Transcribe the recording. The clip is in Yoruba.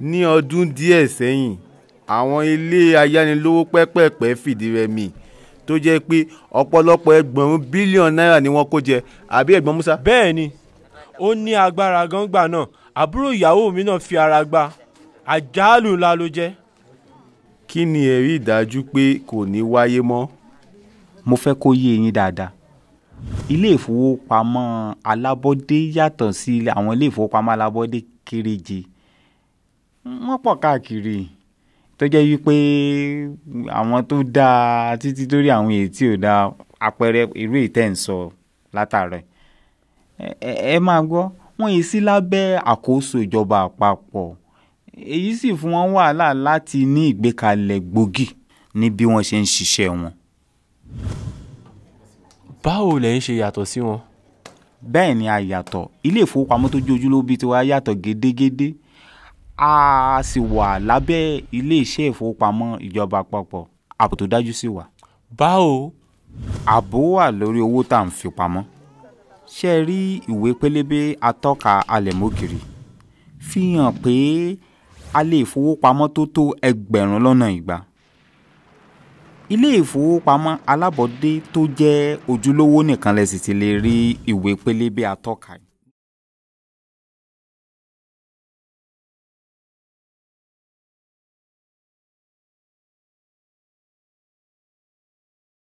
ní ọdún díẹ̀ sẹ́yìn àwọn ilé ayánilówó pẹ́pẹ́pẹ́ fìdí rẹmi tó jẹ́ pé ọ̀pọ̀lọpọ̀ ẹgbẹ̀rún bílíọ̀nù náírà ni wọ́n kó jẹ àbí ẹ̀gbọ́n Musa. bẹ́ẹ̀ ni ó ní agbára gangba náà àbúrò ìyàwó mi náà fi ara gba àjálù ńlá ló jẹ́. kí ni ẹ̀rí ìdájú pé kò ní wáyé mọ́. mo fẹ́ kó yé yín dáadáa ilé ìfowópamọ́ alábọ́dé yàtọ̀ sí àwọn ilé ìfowópamọ́ alábọ́dé kéréje. Si wọ́n pọ̀ káàkiri tó jẹ́ wípé àwọn tó dáa títí lórí àwọn èyí tí ò dáa àpẹẹrẹ irú ìtẹ́ ń sọ látàrẹ ẹ máa gbọ́ wọ́n yìí sí lábẹ́ àkóso ìjọba àpapọ̀ èyí sì fún wọn wàhálà láti ní ìgbékalẹ̀ gbòógì ní bí wọ́n ṣe ń ṣiṣẹ́ wọn. báwo lẹ̀ ń ṣe yàtọ̀ sí wọn. bẹ́ẹ̀ ni a yàtọ̀ ilé ìfowópamọ́ tó jójúlówó bíi tiwa yàtọ̀ gédégédé. Gede a sì wà lábẹ́ iléeṣẹ́ ìfowópamọ́ ìjọba àpapọ̀ ààbò tó dájú sí wa. báwo. ààbò wà lórí owó tá à ń fi pamọ́ ṣe é rí ìwé pélébé atọ́ka alẹ̀mọ́gìrì fi hàn pé a lè fowópamọ́ tó tó ẹgbẹ̀rún lọ́nà ìgbà ilé ìfowópamọ́ alábọ̀dé tó jẹ́ ojúlówó nìkan lẹ sì ti lè rí ìwé pélébé atọ́ka yìí